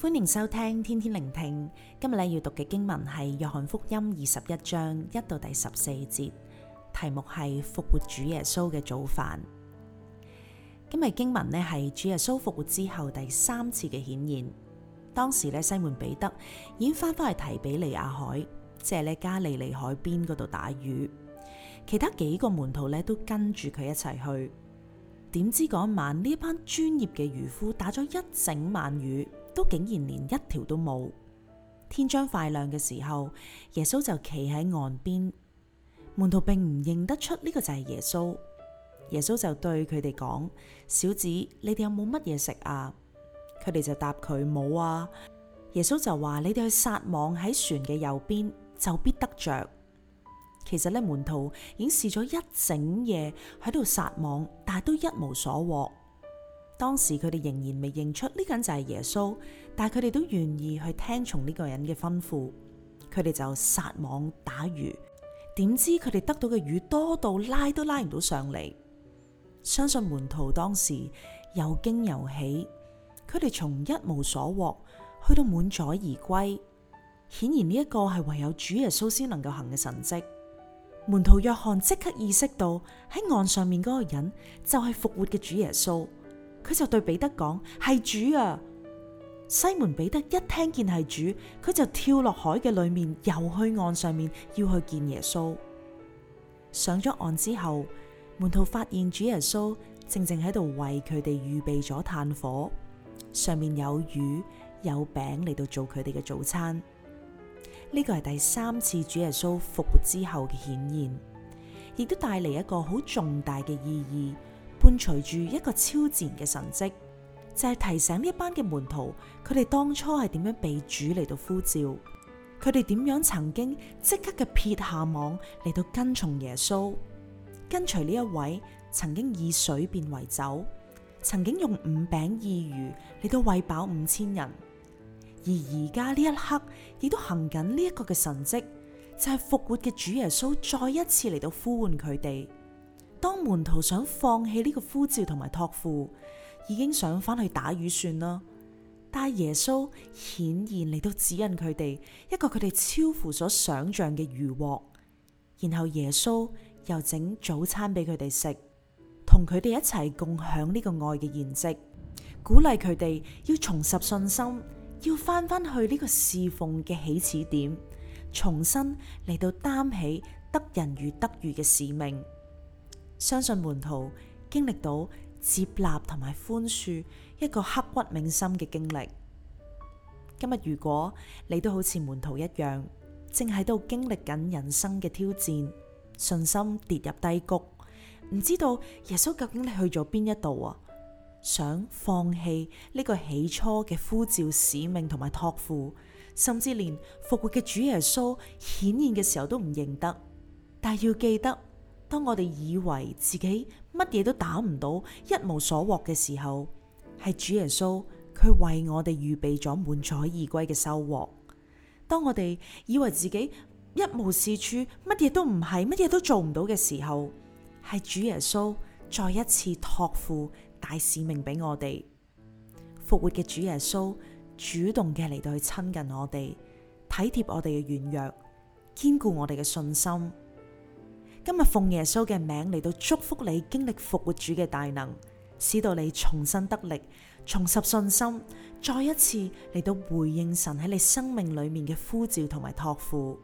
歡迎收聽天天聆聽。今日你要讀嘅經文係《約翰福音》二十一章一到第十四節，題目係復活主耶穌嘅早飯。今日經文呢係主耶穌復活之後第三次嘅顯現。當時咧，西門彼得已經返返去提比利亞海，即係咧加利利海邊嗰度打魚。其他幾個門徒咧都跟住佢一齊去。點知嗰晚呢一班專業嘅漁夫打咗一整晚魚。都竟然連一條都冇。天將快亮嘅時候，耶穌就企喺岸邊，門徒並唔認得出呢個就係耶穌。耶穌就對佢哋講：小子，你哋有冇乜嘢食啊？佢哋就答佢冇啊。耶穌就話：你哋去撒網喺船嘅右邊，就必得着。其實咧，門徒已經試咗一整夜喺度撒網，但係都一無所獲。當時佢哋仍然未認出呢個人就係耶穌，但係佢哋都願意去聽從呢個人嘅吩咐，佢哋就撒網打魚，點知佢哋得到嘅魚多到拉都拉唔到上嚟。相信門徒當時又驚又喜，佢哋從一無所獲去到滿載而歸，顯然呢一個係唯有主耶穌先能夠行嘅神跡。門徒約翰即刻意識到喺岸上面嗰個人就係復活嘅主耶穌。佢就對彼得講：係主啊！西門彼得一聽見係主，佢就跳落海嘅裏面，游去岸上面要去見耶穌。上咗岸之後，門徒發現主耶穌正正喺度為佢哋預備咗炭火，上面有魚有餅嚟到做佢哋嘅早餐。呢個係第三次主耶穌復活之後嘅顯現，亦都帶嚟一個好重大嘅意義。伴隨住一個超自然嘅神蹟，就係提醒呢一班嘅門徒，佢哋當初係點樣被主嚟到呼召，佢哋點樣曾經即刻嘅撇下網嚟到跟從耶穌，跟隨呢一位曾經以水變為酒，曾經用五餅二魚嚟到餵飽五千人，而而家呢一刻亦都行緊呢一個嘅神蹟，就係復活嘅主耶穌再一次嚟到呼喚佢哋。當門徒想放棄呢個呼召同埋託付，已經想翻去打魚算啦。但耶穌顯現嚟到指引佢哋一個佢哋超乎所想象嘅漁獲，然後耶穌又整早餐俾佢哋食，同佢哋一齊共享呢個愛嘅宴席，鼓勵佢哋要重拾信心，要翻翻去呢個侍奉嘅起始點，重新嚟到擔起得人如得魚嘅使命。相信門徒經歷到接納同埋寬恕一個刻骨銘心嘅經歷。今日如果你都好似門徒一樣，正喺度經歷緊人生嘅挑戰，信心跌入低谷，唔知道耶穌究竟你去咗邊一度啊？想放棄呢個起初嘅呼召、使命同埋託付，甚至連復活嘅主耶穌顯現嘅時候都唔認得。但要記得。當我哋以為自己乜嘢都打唔到，一無所獲嘅時候，係主耶穌佢為我哋預備咗滿載而歸嘅收穫。當我哋以為自己一無是處，乜嘢都唔係，乜嘢都做唔到嘅時候，係主耶穌再一次託付大使命俾我哋。復活嘅主耶穌主動嘅嚟到去親近我哋，體貼我哋嘅軟弱，堅固我哋嘅信心。今日奉耶穌嘅名嚟到祝福你，經歷復活主嘅大能，使到你重新得力，重拾信心，再一次嚟到回應神喺你生命裏面嘅呼召同埋託付。